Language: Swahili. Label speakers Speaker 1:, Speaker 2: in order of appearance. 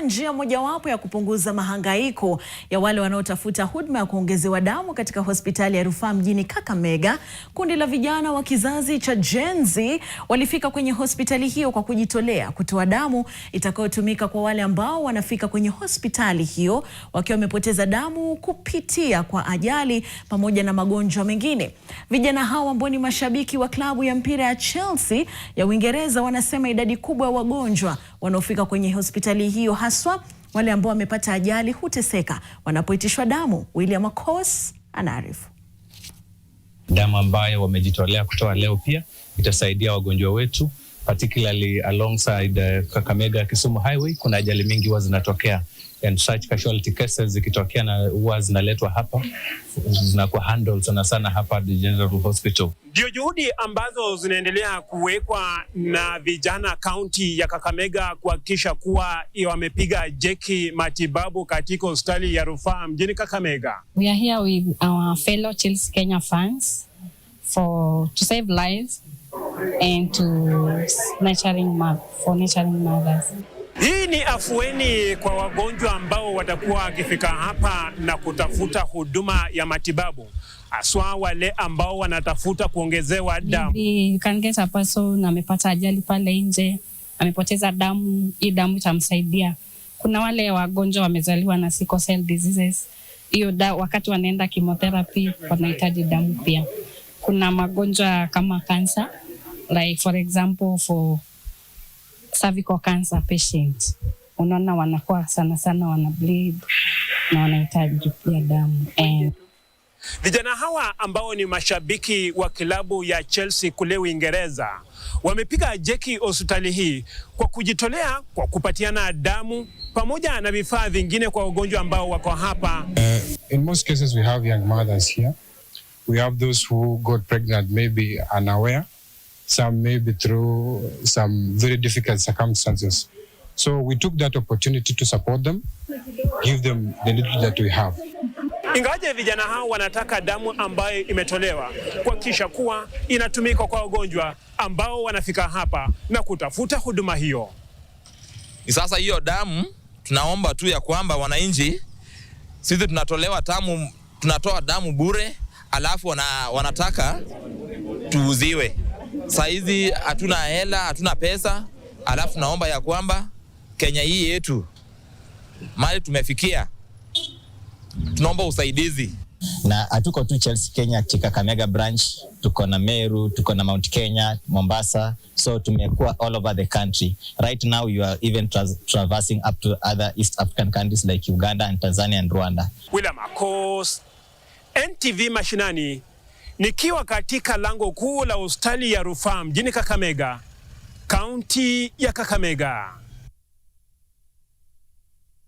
Speaker 1: njia mojawapo ya kupunguza mahangaiko ya wale wanaotafuta huduma ya kuongezewa damu katika hospitali ya rufaa mjini Kakamega, kundi la vijana wa kizazi cha Gen Z walifika kwenye hospitali hiyo kwa kujitolea kutoa damu itakayotumika kwa wale ambao wanafika kwenye hospitali hiyo wakiwa wamepoteza damu kupitia kwa ajali pamoja na magonjwa mengine. Vijana hao ambao ni mashabiki wa klabu ya mpira ya Chelsea ya Uingereza wanasema idadi kubwa ya wagonjwa wanaofika kwenye hospitali hiyo haswa wale ambao wamepata ajali huteseka wanapoitishwa damu. William Akos anaarifu.
Speaker 2: Damu ambayo wamejitolea kutoa leo pia itasaidia wagonjwa wetu particularly alongside uh, Kakamega Kisumu highway, kuna ajali mingi huwa zinatokea and such casualty cases zikitokea na huwa zinaletwa hapa zinakuwa handled sana sana hapa the General Hospital.
Speaker 3: Ndio juhudi ambazo zinaendelea kuwekwa na vijana kaunti ya Kakamega kuhakikisha kuwa wamepiga jeki matibabu katika hospitali ya rufaa mjini Kakamega.
Speaker 4: We are here with our fellow Chills Kenya fans for to save lives and to nurturing for nurturing mothers.
Speaker 3: Hii ni afueni kwa wagonjwa ambao watakuwa wakifika hapa na kutafuta huduma ya matibabu haswa wale ambao wanatafuta kuongezewa damu.
Speaker 4: You can get a person amepata ajali pale nje, amepoteza damu, hii damu itamsaidia. Kuna wale wagonjwa wamezaliwa na sickle cell diseases, hiyo da, wakati wanaenda chemotherapy wanahitaji damu pia. Kuna magonjwa kama kansa like for example for cervical cancer patient, unaona wanakuwa sana sana wana bleed na wanahitaji pia damu and
Speaker 3: Vijana hawa ambao ni mashabiki wa klabu ya Chelsea kule Uingereza wamepiga jeki hospitali hii kwa kujitolea kwa kupatiana damu pamoja na vifaa vingine kwa wagonjwa ambao wako hapa.
Speaker 5: Uh, in most cases we have young mothers here. We have those who got pregnant maybe unaware some maybe through some very difficult circumstances. So we took that opportunity to support them, give them the little that we have.
Speaker 3: Ingawaje vijana hao wanataka damu ambayo imetolewa kuhakikisha kuwa inatumika kwa wagonjwa ambao wanafika hapa na kutafuta huduma hiyo.
Speaker 6: Sasa hiyo damu tunaomba tu ya kwamba wananchi, sisi tunatolewa tamu, tunatoa damu bure, alafu wana, wanataka tuuziwe saa hizi hatuna hela, hatuna pesa, alafu naomba ya kwamba Kenya hii yetu mali tumefikia, tunaomba usaidizi
Speaker 7: na hatuko tu Chelsea Kenya katika Kakamega branch, tuko na Meru, tuko na Mount Kenya, Mombasa, so tumekuwa all over the country. Right now you are even tra traversing up to other East African countries like Uganda and Tanzania and Rwanda.
Speaker 3: William Akos, NTV Mashinani. Nikiwa katika lango kuu la hospitali ya rufaa mjini Kakamega, kaunti ya Kakamega.